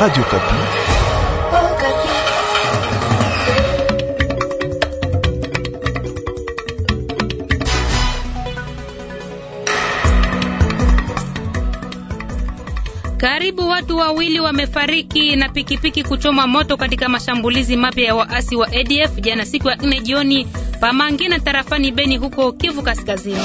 Radio Okapi. Karibu watu wawili wamefariki na pikipiki kuchoma moto katika mashambulizi mapya ya waasi wa ADF jana siku ya nne jioni Pamangina tarafani Beni huko Kivu Kaskazini.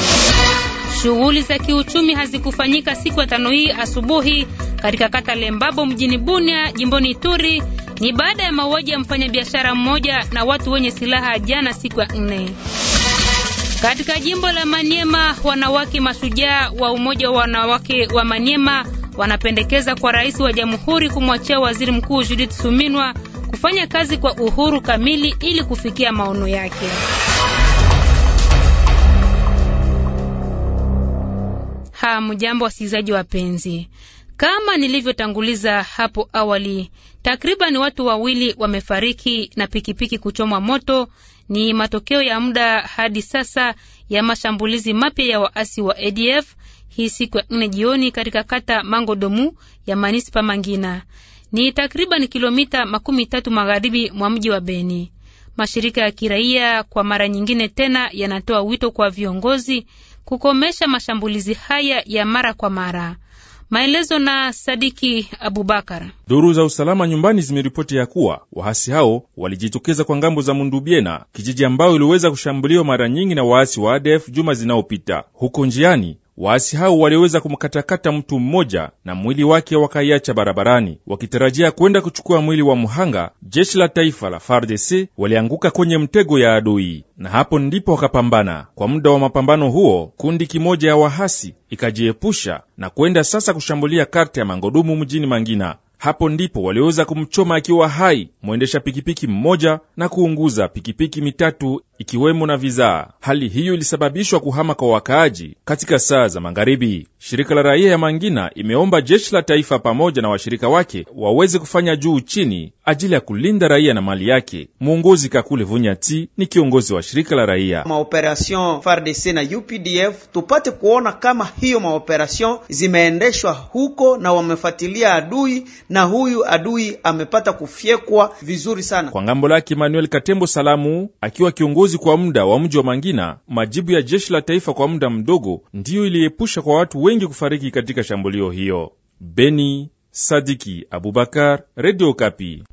Shughuli za kiuchumi hazikufanyika siku ya tano hii asubuhi katika kata Lembabo mjini Bunia jimboni Ituri ni baada ya mauaji ya mfanyabiashara mmoja na watu wenye silaha jana siku ya nne. Katika jimbo la Maniema, wanawake mashujaa wa umoja wa wanawake wa Maniema wanapendekeza kwa rais wa jamhuri kumwachia waziri mkuu Judith Suminwa kufanya kazi kwa uhuru kamili ili kufikia maono yake. Hamjambo wasikilizaji wapenzi. Kama nilivyotanguliza hapo awali, takriban watu wawili wamefariki na pikipiki kuchomwa moto. Ni matokeo ya muda hadi sasa ya mashambulizi mapya ya waasi wa ADF hii siku ya nne jioni katika kata Mangodomu ya manispa Mangina, ni takriban kilomita makumi tatu magharibi mwa mji wa Beni. Mashirika ya kiraia kwa mara nyingine tena yanatoa wito kwa viongozi kukomesha mashambulizi haya ya mara kwa mara. Maelezo na Sadiki Abubakar. Duru za usalama nyumbani zimeripoti ya kuwa waasi hao walijitokeza kwa ngambo za Mundubiena, kijiji ambayo iliweza kushambuliwa mara nyingi na waasi wa ADF juma zinaopita. Huko njiani waasi hao waliweza kumkatakata mtu mmoja na mwili wake wakaiacha barabarani, wakitarajia kwenda kuchukua mwili wa mhanga. Jeshi la taifa la FARDC walianguka kwenye mtego ya adui na hapo ndipo wakapambana. Kwa muda wa mapambano huo, kundi kimoja ya wahasi ikajiepusha na kwenda sasa kushambulia karte ya Mangodumu mjini Mangina. Hapo ndipo waliweza kumchoma akiwa hai mwendesha pikipiki mmoja na kuunguza pikipiki mitatu ikiwemo na vizaa. Hali hiyo ilisababishwa kuhama kwa wakaaji katika saa za magharibi. Shirika la raia ya Mangina imeomba jeshi la taifa pamoja na washirika wake waweze kufanya juu chini ajili ya kulinda raia na mali yake. Mwongozi Kakule Vunyati ni kiongozi wa shirika la raia maoperation FARDC na UPDF, tupate kuona kama hiyo maoperation zimeendeshwa huko na wamefuatilia adui, na huyu adui amepata kufyekwa vizuri sana. Kwa ngambo lake Emmanuel Katembo Salamu, akiwa kiongozi kwa muda wa mji wa Mangina, majibu ya jeshi la taifa kwa muda mdogo ndiyo iliepusha kwa watu wengi kufariki katika shambulio hiyo. Beni, Sadiki Abubakar, Radio Kapi.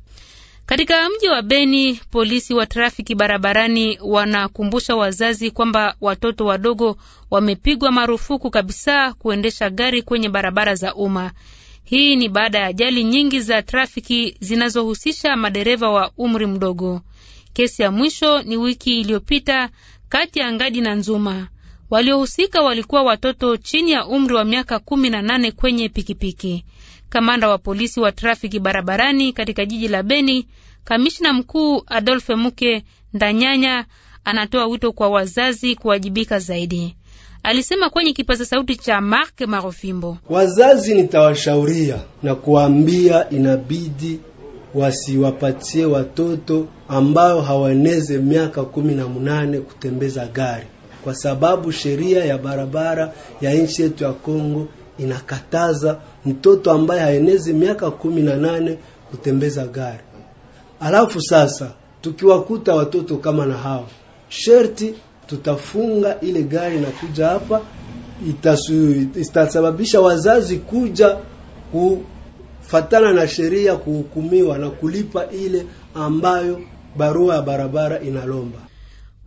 Katika mji wa Beni, polisi wa trafiki barabarani wanakumbusha wazazi kwamba watoto wadogo wamepigwa marufuku kabisa kuendesha gari kwenye barabara za umma. Hii ni baada ya ajali nyingi za trafiki zinazohusisha madereva wa umri mdogo. Kesi ya mwisho ni wiki iliyopita kati ya Ngadi na Nzuma. Waliohusika walikuwa watoto chini ya umri wa miaka kumi na nane kwenye pikipiki kamanda wa polisi wa trafiki barabarani katika jiji la Beni, kamishna mkuu adolfe Muke Ndanyanya anatoa wito kwa wazazi kuwajibika zaidi. Alisema kwenye kipaza sauti cha Mark Marofimbo. Wazazi nitawashauria na kuambia inabidi wasiwapatie watoto ambao hawaeneze miaka kumi na munane kutembeza gari, kwa sababu sheria ya barabara ya nchi yetu ya Kongo inakataza mtoto ambaye haenezi miaka kumi na nane kutembeza gari. Alafu sasa tukiwakuta watoto kama na hao, sherti tutafunga ile gari na kuja hapa, itasababisha wazazi kuja kufatana na sheria kuhukumiwa na kulipa ile ambayo barua ya barabara inalomba.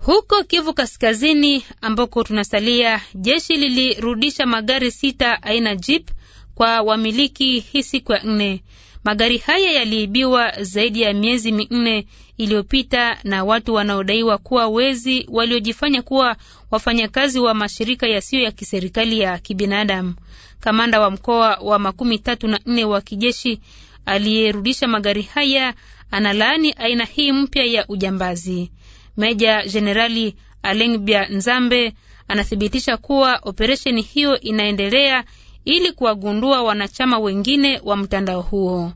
Huko Kivu Kaskazini ambako tunasalia, jeshi lilirudisha magari sita aina jeep kwa wamiliki hii siku ya nne. Magari haya yaliibiwa zaidi ya miezi minne iliyopita na watu wanaodaiwa kuwa wezi waliojifanya kuwa wafanyakazi wa mashirika yasiyo ya kiserikali ya kibinadamu. Kamanda wa mkoa wa makumi tatu na nne wa kijeshi aliyerudisha magari haya analaani aina hii mpya ya ujambazi. Meja Jenerali Alengbia Nzambe anathibitisha kuwa operesheni hiyo inaendelea ili kuwagundua wanachama wengine wa mtandao huo.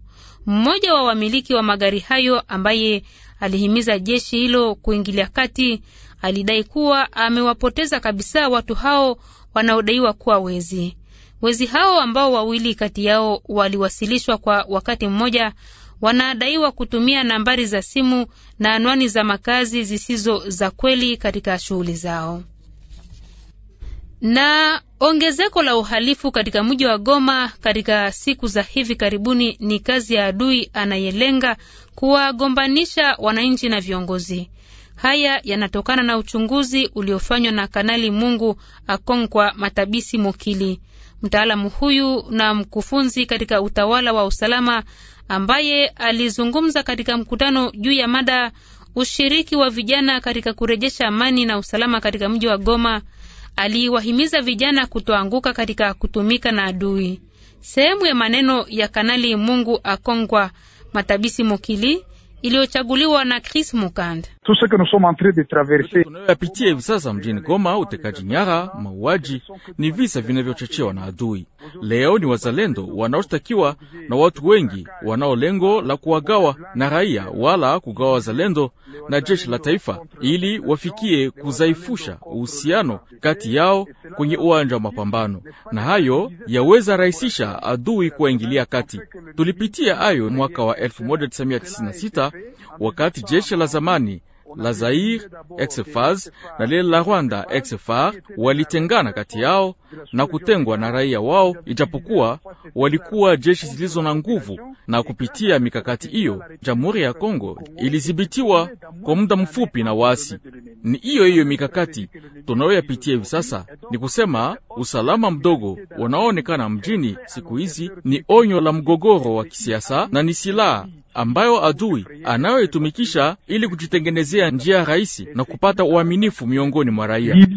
Mmoja wa wamiliki wa magari hayo ambaye alihimiza jeshi hilo kuingilia kati alidai kuwa amewapoteza kabisa watu hao wanaodaiwa kuwa wezi. Wezi hao ambao wawili kati yao waliwasilishwa kwa wakati mmoja wanadaiwa kutumia nambari za simu na anwani za makazi zisizo za kweli katika shughuli zao. Na ongezeko la uhalifu katika mji wa Goma katika siku za hivi karibuni ni kazi ya adui anayelenga kuwagombanisha wananchi na viongozi. Haya yanatokana na uchunguzi uliofanywa na Kanali Mungu Akonkwa Matabisi Mokili, mtaalamu huyu na mkufunzi katika utawala wa usalama ambaye alizungumza katika mkutano juu ya mada ushiriki wa vijana katika kurejesha amani na usalama katika mji wa Goma. Aliwahimiza vijana kutoanguka katika kutumika na adui. Sehemu ya maneno ya Kanali Mungu Akongwa Matabisi Mokili iliyochaguliwa na Chris Mukand tout ce que nous sommes en train de traverser. hivi sasa mjini Goma, utekaji nyara, mauaji ni visa vinavyochochewa na adui. Leo ni wazalendo wanaoshtakiwa na watu wengi wanao lengo la kuwagawa na raia, wala kugawa wazalendo na jeshi la taifa, ili wafikie kuzaifusha uhusiano kati yao kwenye uwanja wa mapambano, na hayo yaweza rahisisha adui kuwaingilia kati. Tulipitia hayo mwaka wa 1996 wakati jeshi la zamani la Zaire ex-FAZ na lile la Rwanda ex-FAR walitengana kati yao na kutengwa na raia wao, ijapokuwa walikuwa jeshi zilizo na nguvu. Na kupitia mikakati hiyo, Jamhuri ya Kongo ilidhibitiwa kwa muda mfupi na waasi. Ni hiyo hiyo mikakati tunayoyapitia hivi sasa, ni kusema usalama mdogo unaoonekana mjini siku hizi ni onyo la mgogoro wa kisiasa na ni silaha ambayo adui anayoitumikisha ili kujitengenezea njia rahisi na kupata uaminifu miongoni mwa raia.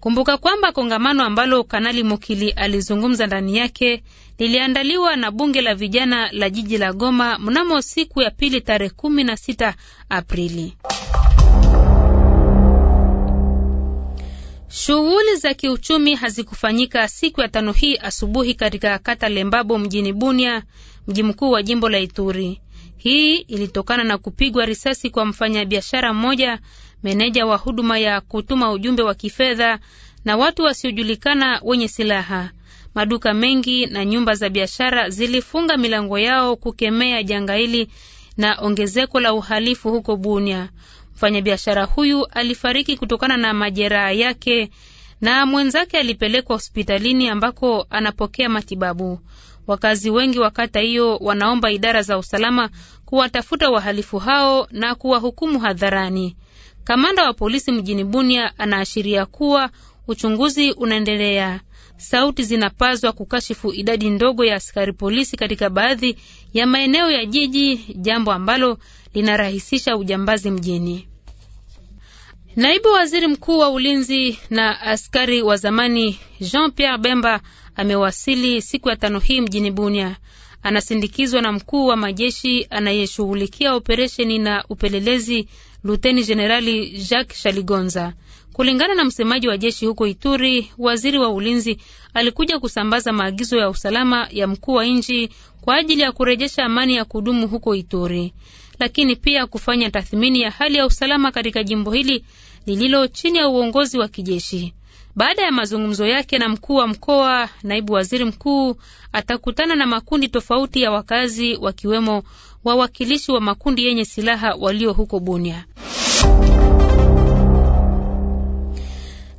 Kumbuka kwamba kongamano ambalo Kanali Mukili alizungumza ndani yake liliandaliwa na bunge la vijana la jiji la Goma mnamo siku ya pili tarehe kumi na sita Aprili. Shughuli za kiuchumi hazikufanyika siku ya tano hii asubuhi katika kata Lembabo mjini Bunia, mji mkuu wa jimbo la Ituri. Hii ilitokana na kupigwa risasi kwa mfanyabiashara mmoja, meneja wa huduma ya kutuma ujumbe wa kifedha na watu wasiojulikana wenye silaha. Maduka mengi na nyumba za biashara zilifunga milango yao kukemea janga hili na ongezeko la uhalifu huko Bunia. Mfanyabiashara huyu alifariki kutokana na majeraha yake na mwenzake alipelekwa hospitalini ambako anapokea matibabu. Wakazi wengi wa kata hiyo wanaomba idara za usalama kuwatafuta wahalifu hao na kuwahukumu hadharani. Kamanda wa polisi mjini Bunia anaashiria kuwa uchunguzi unaendelea. Sauti zinapazwa kukashifu idadi ndogo ya askari polisi katika baadhi ya maeneo ya jiji, jambo ambalo linarahisisha ujambazi mjini. Naibu waziri mkuu wa ulinzi na askari wa zamani Jean Pierre Bemba amewasili siku ya tano hii mjini Bunia. Anasindikizwa na mkuu wa majeshi anayeshughulikia operesheni na upelelezi Luteni Jenerali Jacques Shaligonza. Kulingana na msemaji wa jeshi huko Ituri, waziri wa ulinzi alikuja kusambaza maagizo ya usalama ya mkuu wa nchi kwa ajili ya kurejesha amani ya kudumu huko Ituri, lakini pia kufanya tathmini ya hali ya usalama katika jimbo hili lililo chini ya uongozi wa kijeshi. Baada ya mazungumzo yake na mkuu wa mkoa, naibu waziri mkuu atakutana na makundi tofauti ya wakazi, wakiwemo wawakilishi wa makundi yenye silaha walio huko Bunia.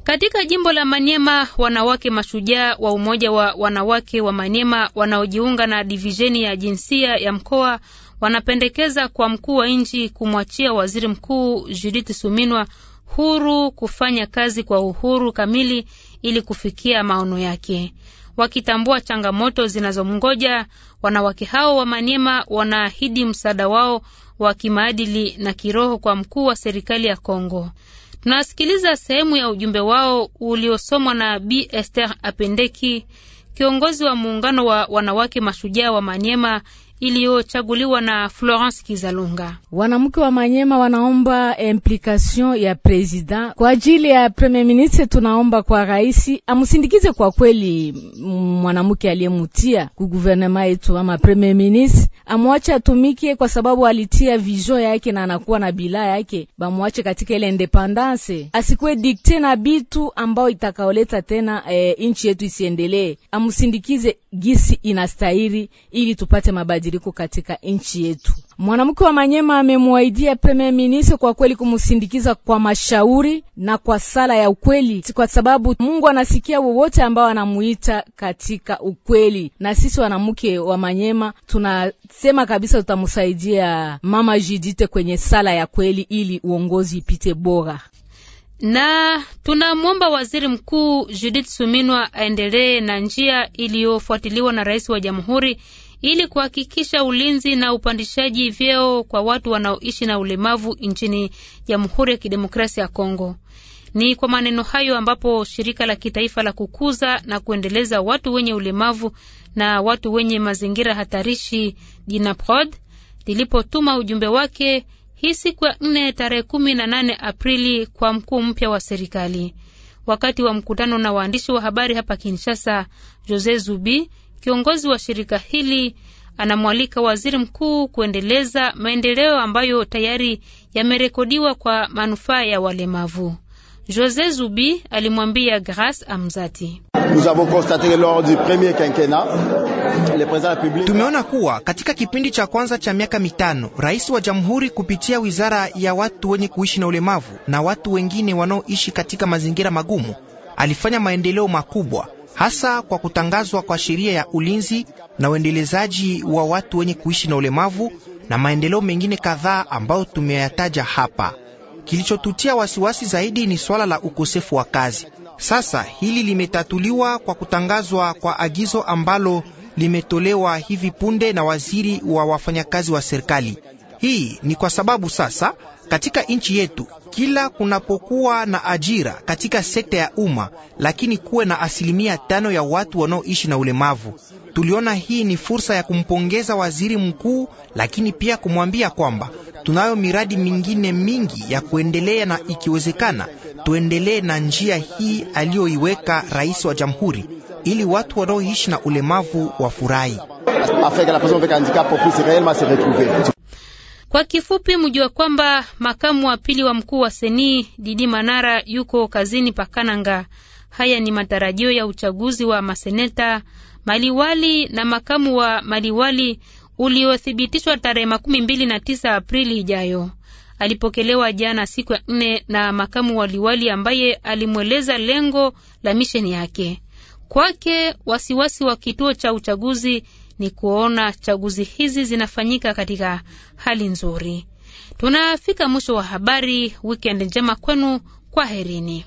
Katika jimbo la Manyema, wanawake mashujaa wa umoja wa wanawake wa Manyema wanaojiunga na divisheni ya jinsia ya mkoa wanapendekeza kwa mkuu wa nchi kumwachia waziri mkuu Judith Suminwa huru kufanya kazi kwa uhuru kamili ili kufikia maono yake. Wakitambua changamoto zinazomngoja, wanawake hao wa Manyema wanaahidi msaada wao wa kimaadili na kiroho kwa mkuu wa serikali ya Kongo. Tunasikiliza sehemu ya ujumbe wao uliosomwa na b Esther Apendeki, kiongozi wa muungano wa wanawake mashujaa wa Maniema iliyochaguliwa na Florence Kizalunga. Wanamke wa Manyema wanaomba implication ya president kwa ajili ya premier ministre. Tunaomba kwa rais amsindikize kwa kweli mwanamke aliyemutia kuguvernema yetu ama premier ministre, amwache atumike kwa sababu alitia vision yake na anakuwa na bila yake, bamwache katika ile independance, asikuwe dikte na bitu ambao itakaoleta tena e, nchi yetu isiendelee. Amsindikize gisi inastahili ili tupate mabadiliko mabadiliko katika nchi yetu. Mwanamke wa Manyema amemwaidia Premier Ministre kwa kweli kumsindikiza kwa mashauri na kwa sala ya ukweli, kwa sababu Mungu anasikia wowote ambao anamuita katika ukweli. Na sisi wanamke wa Manyema tunasema kabisa tutamsaidia Mama judite kwenye sala ya kweli ili uongozi ipite bora na tunamwomba waziri mkuu Judith Suminwa aendelee na njia iliyofuatiliwa na rais wa jamhuri ili kuhakikisha ulinzi na upandishaji vyeo kwa watu wanaoishi na ulemavu nchini Jamhuri ya Kidemokrasia ya Kongo. Ni kwa maneno hayo ambapo shirika la kitaifa la kukuza na kuendeleza watu wenye ulemavu na watu wenye mazingira hatarishi DINAPROD lilipotuma ujumbe wake hii siku ya nne tarehe kumi na nane Aprili kwa mkuu mpya wa serikali. Wakati wa mkutano na waandishi wa habari hapa Kinshasa, Jose Zubi, Kiongozi wa shirika hili anamwalika waziri mkuu kuendeleza maendeleo ambayo tayari yamerekodiwa kwa manufaa ya walemavu. Jose Zubi alimwambia Grace Amzati, tumeona kuwa katika kipindi cha kwanza cha miaka mitano, rais wa jamhuri kupitia wizara ya watu wenye kuishi na ulemavu na watu wengine wanaoishi katika mazingira magumu alifanya maendeleo makubwa hasa kwa kutangazwa kwa sheria ya ulinzi na uendelezaji wa watu wenye kuishi na ulemavu na maendeleo mengine kadhaa ambayo tumeyataja hapa. Kilichotutia wasiwasi zaidi ni swala la ukosefu wa kazi. Sasa hili limetatuliwa kwa kutangazwa kwa agizo ambalo limetolewa hivi punde na waziri wa wafanyakazi wa serikali. Hii ni kwa sababu sasa katika nchi yetu kila kunapokuwa na ajira katika sekta ya umma, lakini kuwe na asilimia tano ya watu wanaoishi na ulemavu. Tuliona hii ni fursa ya kumpongeza waziri mkuu, lakini pia kumwambia kwamba tunayo miradi mingine mingi ya kuendelea, na ikiwezekana tuendelee na njia hii aliyoiweka rais wa jamhuri, ili watu wanaoishi na ulemavu wafurahi. Kwa kifupi, mjue kwamba makamu wa pili wa mkuu wa Seni Didi Manara yuko kazini Pakananga. Haya ni matarajio ya uchaguzi wa maseneta, maliwali na makamu wa maliwali uliothibitishwa tarehe makumi mbili na tisa Aprili ijayo. Alipokelewa jana siku ya nne na makamu wa liwali ambaye alimweleza lengo la misheni yake. Kwake wasiwasi wa kituo cha uchaguzi ni kuona chaguzi hizi zinafanyika katika hali nzuri. Tunafika mwisho wa habari. Wikendi njema kwenu, kwa herini